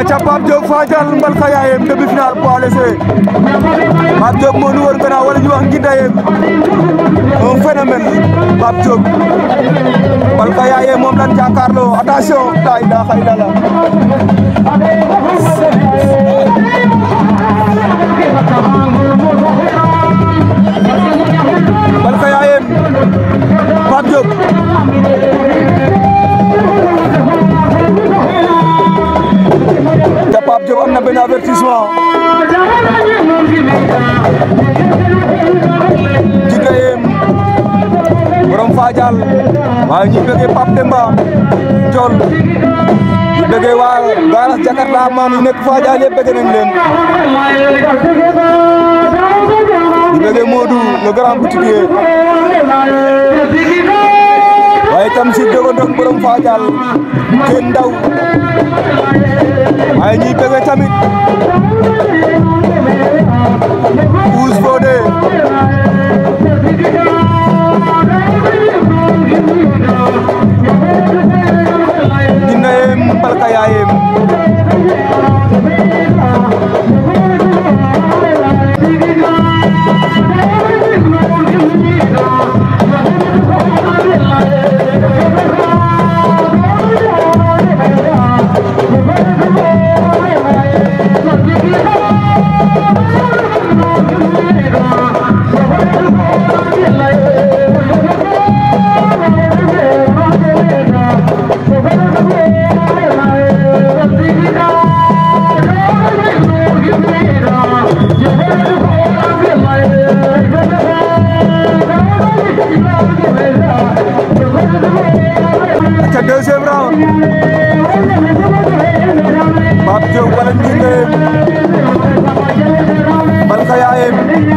aca Pape Diop Fadial Mbalka yaayem demi-finale poids léger Pape Diop moo nu woon gannaaw wala ñu wax Ngidayem un phénomène Pape Diop Mbalka yaayem moom lan jàkkaarloo attention la ilaha illallah Jawa. Jigéen borom Fadial waaye ñu bëggee Pape Demba Jol ñu bëggee waa Garaas Jakarta maam yi nekk Fadial yëpp bëgg nañ leen ñu bëggee Modou le grand boutiquier waaye tam si dogondog borom Fadial kenn ndaw waaye ñuy bëggee tamit I am Mbengue Malika Yaye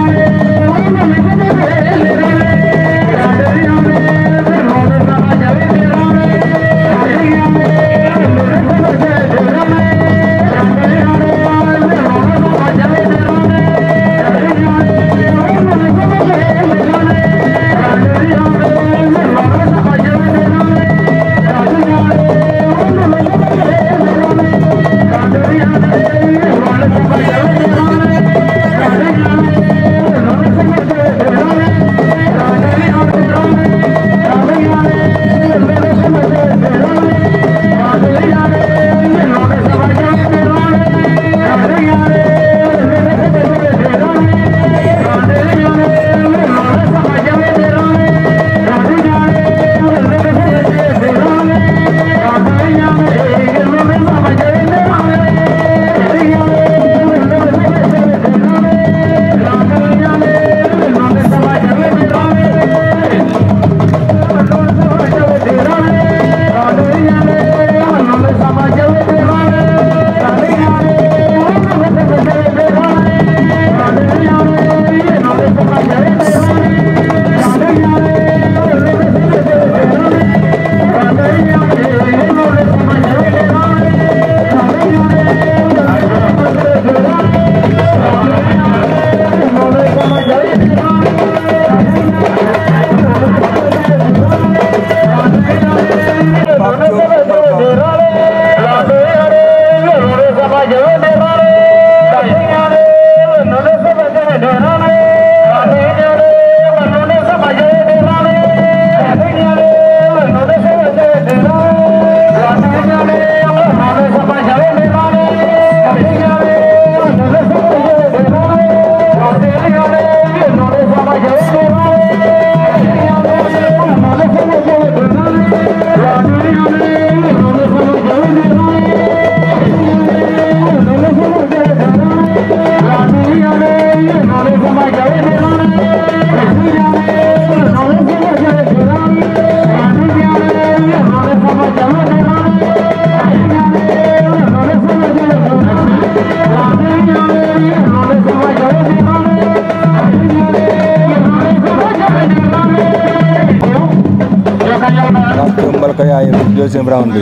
ndax jëmbal ko yaayam Brown round bi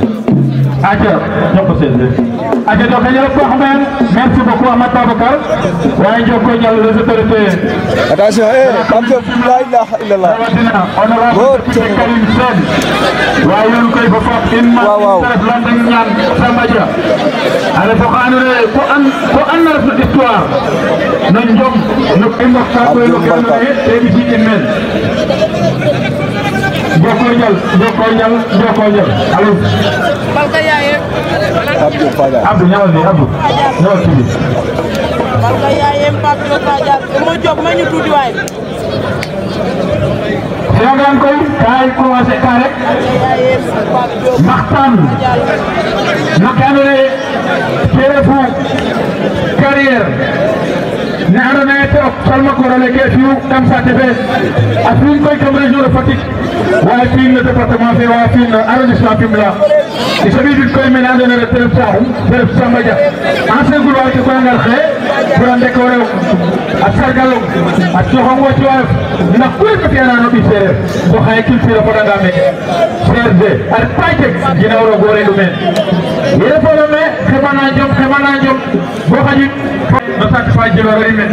aja ñoko seen aja do xëñal ko xamel merci beaucoup Ahmad Babacar waye ñoko jall les autorités attention eh pam fe la ilaha illallah honorable Karim Sen waye ñu sama ja ala ko xanu re ko an ko an na rasul histoire na ñom ñu imba fa Jokal Ndiol Jokal Ndiol Jokal Ndiol allo. Abdou ñamal nii Abdou ñamal tuuti. Balka yaayem Pape koy kaay commencé kaa rek. Maxtaan maxtaan ne téléfu carrière ne andoona yee toog salma koor ale ke fi'u kam saate fe a fi'un koy kam région de وفين ديبارتمون في وفين arrondissement Fimela il s'agit d'une commune environnée de Terep Saloum Terep Samba Dia enseigul waati ko ngal xe buran décoré a sargal a coxong wati waaf ndax kuy ko fiya naan o ɓiy seereer to xaye culture a fodanga meke CRG a ret ba jeg ginnaaw roog wo reedu meen yere fo me xemana jom xemana jom bo xaƴin 200 juróomi mel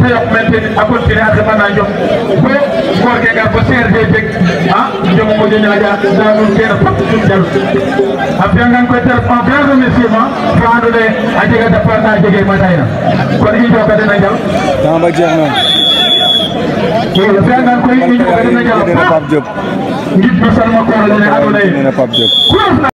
te yok mel te akul si rajo mën naa jóg ba koor gee gar ba seer day dégg ah jóg mu jënd aja daa doon teel a fokk suñ jël a fiya ngan koy tel en bien remerciement fo andone a jega départ na jege ma tayna kon i joka den a jal dama jeex na a fiya ngan koy i joka den a jal ngit no salma koor lene andona ye